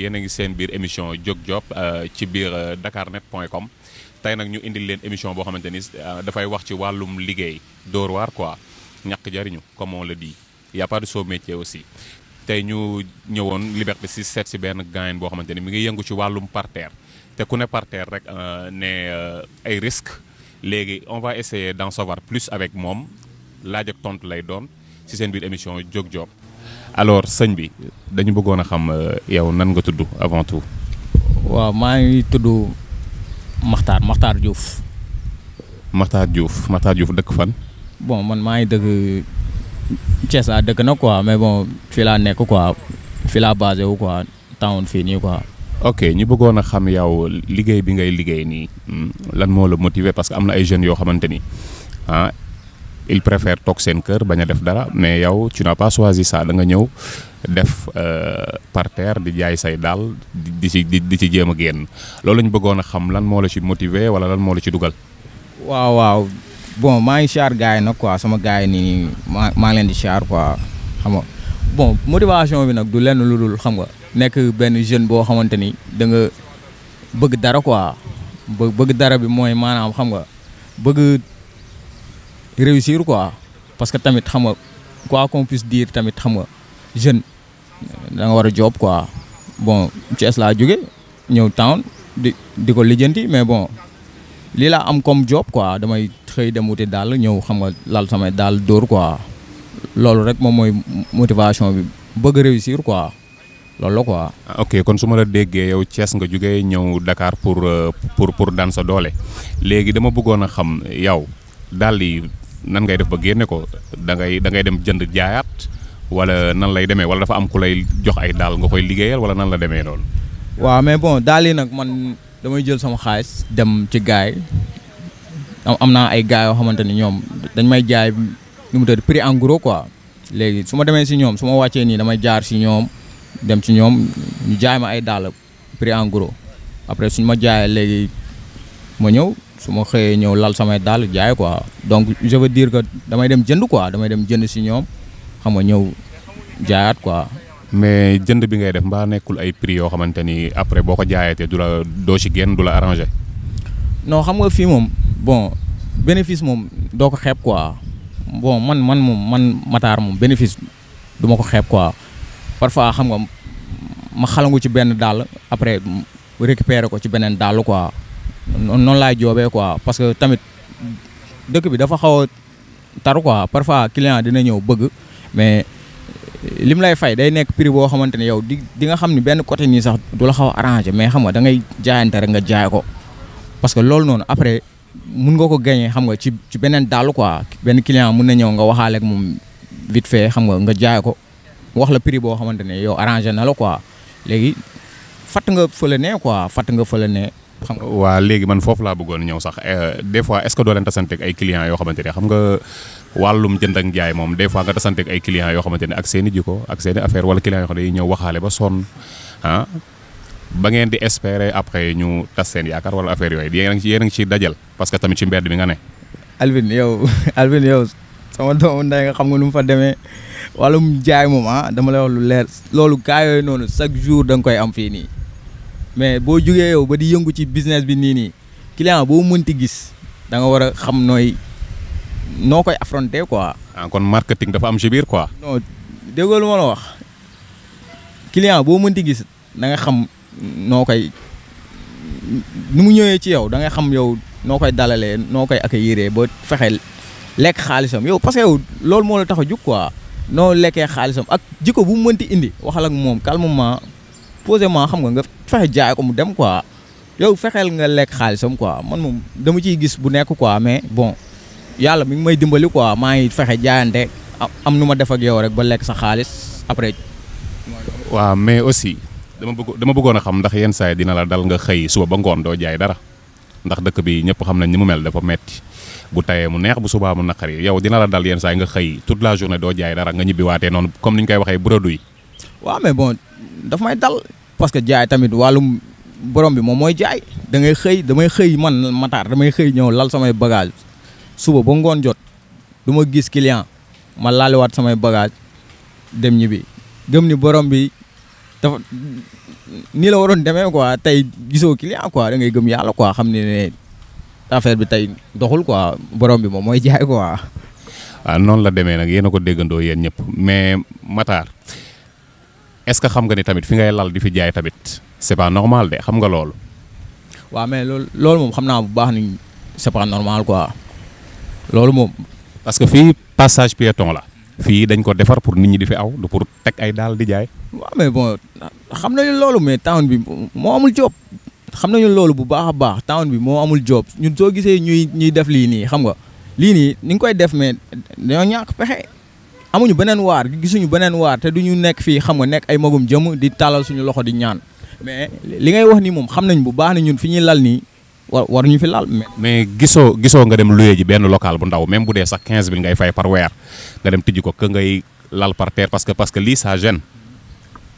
yéen a ngi seen biir émission Jóg Job euh, ci biir euh, dakarnet.com tey nag ñu indil leen émission boo xamante ni euh, dafay wax ci wàllum liggéey dóor waar quoi ñàkk jariñu comme on le dit soo a aussi tey ñu ñëwoon Liberté si seet si benn gaayen boo xamante ni mi ngi yëngu ci wàllum parterre te ku ne parterre rek ne ay risques léegi on va essayer d'en savoir plus avec moom laaj ak tontu lay doon ci seen biir émission Jóg Job alors sëñ bi dañu bëggoon a xam euh, yow nan nga tudd avant tout. waaw maa ngi tudd Makhtar Makhtar Diouf. Makhtar Diouf Makhtar Diouf dëkk fan. bon man maa ngi dëkk Thiès laa ah, dëkk na quoi mais bon fii laa nekk quoi fii laa basé wu quoi tawoon fii nii quoi. ok ñu bëggoon a xam yow liggéey bi ngay liggéey nii hmm, lan moo la motiver parce que am na ay jeunes yoo xamante ni ah, il préfère toog seen kër bañ a def dara mais yow tu n'as pas choisi ça da nga ñëw def euh, parterre di jaay say daal di ci di ci jéem a génn loolu lañ bëggoon a xam lan moo la ci motiver wala lan moo la ci dugal. waaw waaw bon maa ngi char gars yi nag quoi sama gars yi nii maa maa ngi leen di char quoi xam nga bon motivation bi nag du lenn lu dul xam nga nekk benn jeune boo xamante ni da nga bëgg dara quoi bëgg dara bi mooy maanaam xam nga bëgg. réussir quoi parce que tamit xam nga quoi qu'on puisse tamit xam nga jeune da war a job quoi bon Thiès laa jóge ñëw town di di ko lijjanti mais bon li laa am comme job koi damay xëy dem wuti daal ñëw xam nga lal samay daal dóor quoi loolu rek moom mooy motivation bi bëgg réussir quoi loolu la ah, ok kon su ma la déggee yow Thiès nga jóge ñëw Dakar pour euh, pour pour daan sa doole léegi dama bëggoon a xam yow daal yi nan ngay def ba génne ko da ngay da ngay dem jënd jaayaat wala nan lay demee wala dafa am ku lay jox ay daal nga koy liggéeyal wala nan la demee loolu. waaw mais bon daal yi nag man damay jël sama xaalis dem ci gaay am am naa ay gaay yoo xamante ni ñoom dañ may jaay nu mu tëdd prix en gros quoi léegi su ma demee si ñoom su ma wàccee nii damay jaar si ñoom dem si ñoom ñu jaay ma ay daal prix en gros après suñu ma jaayee léegi. ma ñëw su ma xëyee ñëw lal samay daal jaay quoi donc je diir dire que damay dem jënd quoi damay dem jënd si ñoom xam nga ñëw jaayaat quoi. mais jënd bi ngay def mbaa nekkul ay prix yoo xamante ni après boo ko jaayatee du la doo ci génn du la arrangé. non xam nga fii moom bon bénéfice moom doo ko xeeb quoi bon man man moom man Matar moom bénéfice du ma ko xeeb quoi parfois xam nga ma xalangu ci benn daal après récupérer ko ci beneen daal quoi. noonu laa joobee quoi parce que tamit dëkk bi dafa xaw a taru quoi parfois client dina ñëw bëgg mais lim lay fay day nekk prix boo xamante ne yow di di nga xam ni benn côté nii sax du la xaw a arrangé mais xam nga dangay ngay rek nga jaay ko parce que loolu noonu après mun nga ko gagné xam nga ci ci beneen dàll quoi benn client mun na ñëw nga waxaale ak moom vite fait xam nga nga jaay ko wax la prix boo xamante ne yow arrangé na la quoi léegi fat nga fële ne fat fatt nga fële ne xam nga waa léegi man foofu laa bëggoon ñëw sax eh, des fois est-ce que doo leen tasanteeg ay clients yoo xamante ne xam nga wàllum jënd moom des fois nga tasanteeg ay clients yoo xamante ne ak seen i jikko ak seen i affaire wala clients xam ah, ba ngeen di espérer après ñu tas seen yaakaar wala affaire yooyu yéen a ngi ci yéen a ngi parce que tamit ci mbedd bi nga ne. Alvin xam nga nu mu fa demee wàllum jaay moom ah dama lay wax lu leer loolu gaa yooyu noonu chaque jour da nga koy am fii nii. mais boo jugee yow ba di yëngu ci business bi nii nii client boo mënti gis da nga war a xam nooy noo koy affronter quoi. ah kon marketing dafa am ci biir quoi. non déggoo lu ma la wax client boo mënti gis da nga xam noo koy nu mu ñëwee ci yow da nga xam yow noo koy dalalee noo koy accueillir boo fexe lekk xaalisam yow parce yow loolu moo la tax a jug quoi. noo lekkee xaalisam ak jikko bu mu mënti indi waxal ak moom calmement posément xam nga nga fexe jaay ko mu dem quoi yow fexeel nga lekk xaalisam quoi man moom dama ciy gis bu nekk quoi mais bon yàlla mi ngi may dimbali quoi maa ngi fexe jaayante am nu ma def ak yow rek ba lekk sa xaalis après. waa mais aussi dama bëgg dama bëggoon a xam ndax yenn saa yi dina la dal nga xëy suba ba ngoon doo jaay dara ndax dëkk bi ñëpp xam nañ ñu mu mel dafa metti bu tayee mu neex bu subaa mu naqari yow dina la dal yenn saa yi nga xëy tout la journée doo jaay dara nga ñibbiwaatee noonu comme koy waxee brodo yi. daf may dal parce que jaay tamit wàllum borom bi moom mooy jaay da ngay xëy damay xëy man mataar damay xëy ñëw lal samay bagage suba ba ngoon jot du ma gis client ma laaliwaat samay bagage dem ñibbi gëm ni borom bi dafa nii la waroon demee quoi tey gisoo client quoi da ngay gëm yàlla quoi xam ne ne affaire bi tey doxul quoi borom bi moom mooy jaay quoi. waaw ah, noonu la demee nag yéen a ko déggandoo yéen ñëpp mais Matar est-ce que xam nga ni tamit fi ngay lal di fi jaay tamit c'est pas normal de xam nga loolu. waa mais loolu loolu moom xam naa bu baax ni c'est pas normal quoi loolu moom. parce que fii passage piéton la. fii dañ ko defar pour nit ñi di fi aw du pour teg ay daal di jaay. waaw mais bon xam nañu loolu mais town bi moo amul job xam nañu loolu bu baax a baax town bi moo amul job ñun soo gisee ñuy ñuy def lii nii xam nga lii nii ni ngi koy def mais dañoo ñàkk pexe. amuñu beneen waar gisuñu beneen waar te du ñu nekk fii xam nga nekk ay magum jëm di tàllal suñu loxo di ñaan mais li ngay wax nii moom xam nañ bu baax ne ñun fi ñuy lal nii war war ñu fi laal mais gisoo gisoo nga dem luye ji benn local bu ndaw même bu dee sax 15 000 ngay fay par weer nga dem tijji ko que ngay lal par terre parce que parce que lii ça gêne.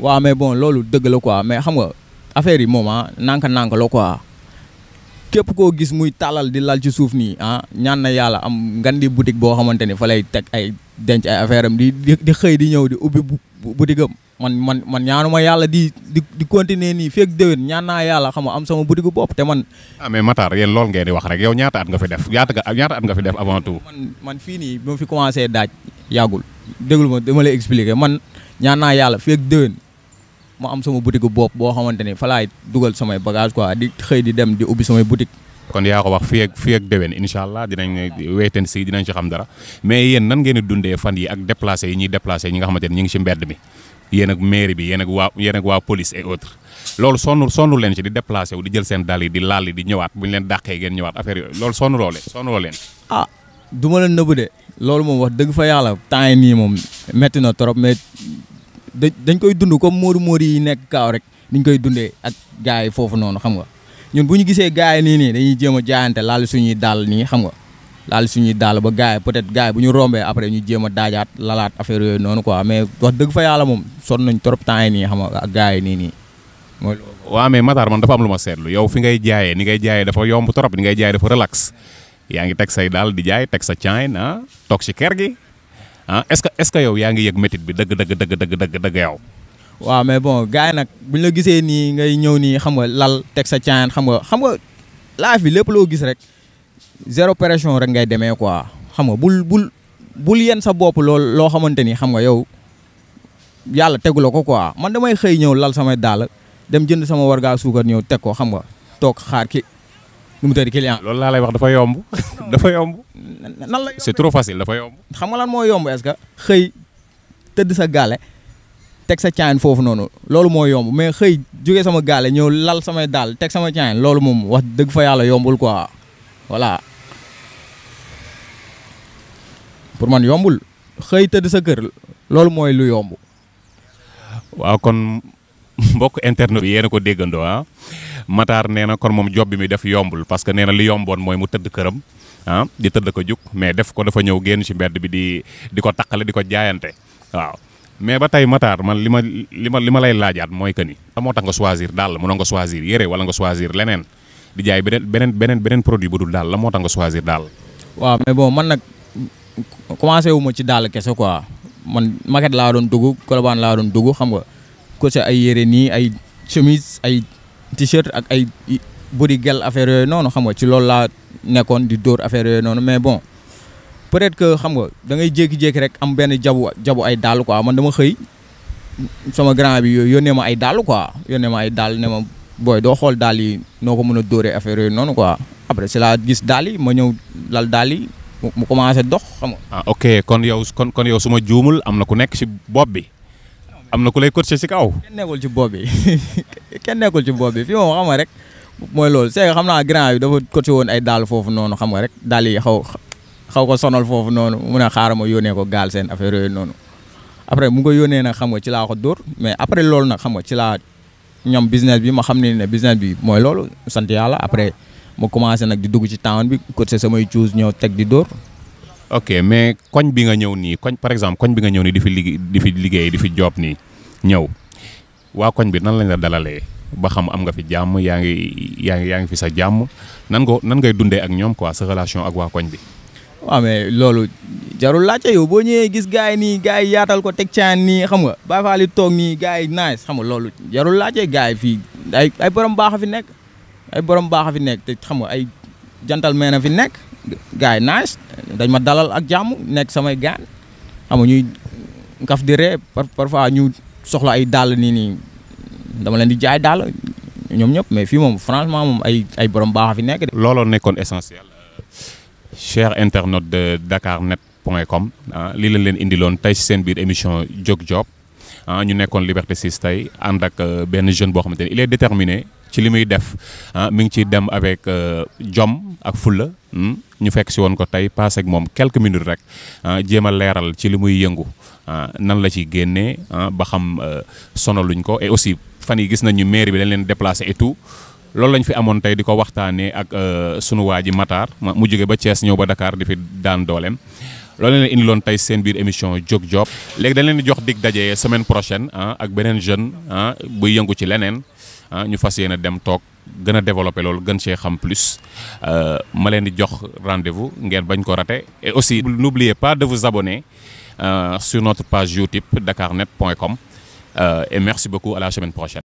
waaw mais bon loolu dëgg la quoi mais xam nga affaire yi moom ah nanka nanka la quoi. képp koo gis muy tàllal di laal ci suuf nii ah ñaan na yàlla am ngan di boutique boo xamante ni fa lay teg ay denc ay affaire am di di xëy di ñëw di ubbi boutique am man man man ñaanuma yàlla di di di continuer nii feeg déwén ñaan naa yàlla xam am sama boutique bopp te man. ah mais Matar yéen lool ngeen di wax rek yow ñaata at nga fi def ñaata ñaata at nga fi def avant tout. man fii nii ba ma fi commencé daaj yàggul déglu ma dama lay expliquer man ñaan naa yàlla feeg déwén. ma am sama boutique bopp boo xamante ni dugal samay bagage quoi di xëy di dem di ubbi samay boutique kon yaa ko wax fii ak fii allah dinañ weyten si dinañ ci xam dara mais yéen nan ngeen dundee fan yi ak déplacé yi ñuy déplacé ñi nga xamante ñu ngi ci mbedd mi yéen ak bi yéen waa police et autres loolu sonnu leen ci di déplacé wu di jël seen dàll yi di laal di ñëwaat bu leen dàqee ngeen ñëwaat affaire yooyu loolu sonn loo dañ koy dund comme moodu moodu yi nekk kaaw rek ñu koy dundee ak gars foofu noonu xam nga ñun bu ñu gisee gars yi nii nii dañuy jéem a jaayante laal suñuy daal nii xam nga laal suñuy daal ba gars yi peut-être gars yi bu après ñu jéem a daajaat lalaat affaire yooyu noonu ko mais wax dëgg fa yàlla moom sonn nañ trop temps yi nii xam nga ak gars yi nii nii mooy loolu waaw mais Matar man dafa am lu ma seetlu yow fi ngay jaayee ni ngay jaayee dafa yomb trop ni ngay jaayee dafa relax yaa ngi teg say daal di jaay teg sa caay ah, na toog si kër gi ah est-ce que est-ce que yow yaa ngi yëg métit bi dëgg dëgg dëgg dëgg dëgg dëgg yow. waaw mais bon gars yi nag buñ la gisee nii ngay ñëw nii xam nga lal teg sa caan xam nga xam nga laaf bi lépp loo gis rek zéro pression rek ngay demee koi xam nga bul bul bul yenn sa bopp lool loo xamante ni xam nga yow yàlla tegu la ko quoi man damay xëy ñëw lal samay daal dem jënd sama wargaa suukar ñëw teg ko xam nga toog xaar ki. nu mu loolu laa lay wax dafa yomb dafa yomb. nan la c'est trop facile dafa yomb. xam nga lan moo yomb est xëy tëdd sa gaale teg sa caayin foofu noonu loolu mooy yomb mais xëy jóge sama gaale ñëw lal samay daal teg sama caayin loolu moom wax dëgg fa yàlla yombul ko voilà pour man yombul xëy tëdd sa kër loolu mooy lu yomb. waaw kon mbokk internet bi yéen a ko déggandoo ah. Matar nee na kon moom job bi mi def yombul parce que nee na li yomboon mooy mu tëdd këram ah di tëdd ko jug mais def ko dafa ñëw génn ci mbedd bi di di ko taqale di ko jaayante waaw mais ba tey Matar man li ma li ma li ma lay laajaat mooy que ni. moo tax nga choisir daal mënoo nga choisir yére wala nga choisir leneen di jaay beneen beneen beneen beneen produit bu dul daal la moo tax nga choisir daal. waaw mais bon man nag commencé wu ma ci daal kese quoi man maquette laa doon dugg Colobane laa doon dugg xam nga ko ay yére nii ay chemise ay. t-shirt ak ay body gel affaire yooyu noonu xam nga ci loolu laa nekkoon di dóor affaire yooyu noonu mais bon peut-être que xam nga da ngay jékki-jékki rek am benn jabu jabu ay dàll quoi man dama xëy sama grand bi yooyu yónnee ma ay dàll quoi yónnee ma ay dàll ne ma booy doo xool dàll yi noo ko mën a dóoree affaire yooyu noonu quoi après si laa gis dàll yi ma ñëw lal dàll yi mu commencé dox xam nga. Ah, ok kon yow kon kon yow su ma juumul am na ku nekk si bopp bi. am na ku lay coacher si kaw. kenn ci bopp bi kenn nekkul ci boob bi fii moom xam nga rek mooy loolu c'est xam naa grand bi dafa coacher woon ay daal foofu noonu xam nga rek daal yi xaw xaw ko sonal foofu noonu mu ne xaaral ma yónnee ko gaal seen affaire yooyu noonu après mu ko yónnee nag xam nga ci laa ko dóor mais après loolu nag xam nga ci laa ñoom business bi ma xam ne ne business bi mooy loolu sant yàlla après ma commencé nag di dugg ci town bi coacher samay cuus ñëw teg di dóor. ok mais koñ bi nga ñëw nii koñ par exemple koñ bi nga ñëw nii di fi liggéey di fi liggéey di fi job nii ñëw waa koñ bi nan lañ la dalalee ba xam am nga fi jàmm yaa ngi yaa ngi yaa ngi fi sa jàmm nan nga nan ngay dundee ak ñoom quoi sa relation ak waa koñ bi. waaw mais loolu jarul laajte yow boo ñëwee gis gars yi nii gars yi yaatal ko teg caan nii xam nga baa toog nii gars yi nice xam loolu jarul laajte gars yi fii ay ay borom baax a fi nekk ay borom baax a fi nekk te xam nga ay jantal meena fi nekk. gars yi nice dañ ma dalal ak jàmm nekk samay gaan xam nga ñuy kaf di ree parfois ñu soxla ay dàll nii nii dama leen di jaay daal ñoom ñëpp mais fii moom franchement moom ay ay borom baax fi nekk de. looloo nekkoon essentiel cher internaute de Dakarnet point com ah, lii la leen indiloon tey si seen biir émission Jóg Job ah, ñu nekkoon Liberté 6 tey ànd ak euh, benn jeune boo xam ni il est déterminé. ci li muy def ah mi ngi ciy dem avec euh, jom ak fulla hmm? ñu fekk si woon ko tey passé ak moom quelque minutes rek ah jéem a leeral ci li muy yëngu ah, nan la ci génnee ah, ba xam euh, sono luñ ko et aussi fan yi gis nañu maire bi dañ leen déplacé et tout loolu lañ fi amoon tey di ko waxtaanee ak euh, sunu waa ji Matar mu jóge ba Thiès ñëw ba Dakar di fi daan dooleem loolu leen indi loon tey seen biir émission jóg job léegi dañ leen di jox dig dajee semaine prochaine ah, ak beneen jeune buy yëngu ci leneen. Ah, ñu fas yéene dem toog gën a développé loolu gën cee xam plus euh, ma leen di jox rendez-vous ngeen bañ ko raté et aussi n'oubliez pas de vous abonner euh, sur notre page youtube dakarnet.com euh, et merci beaucoup à la semaine prochaine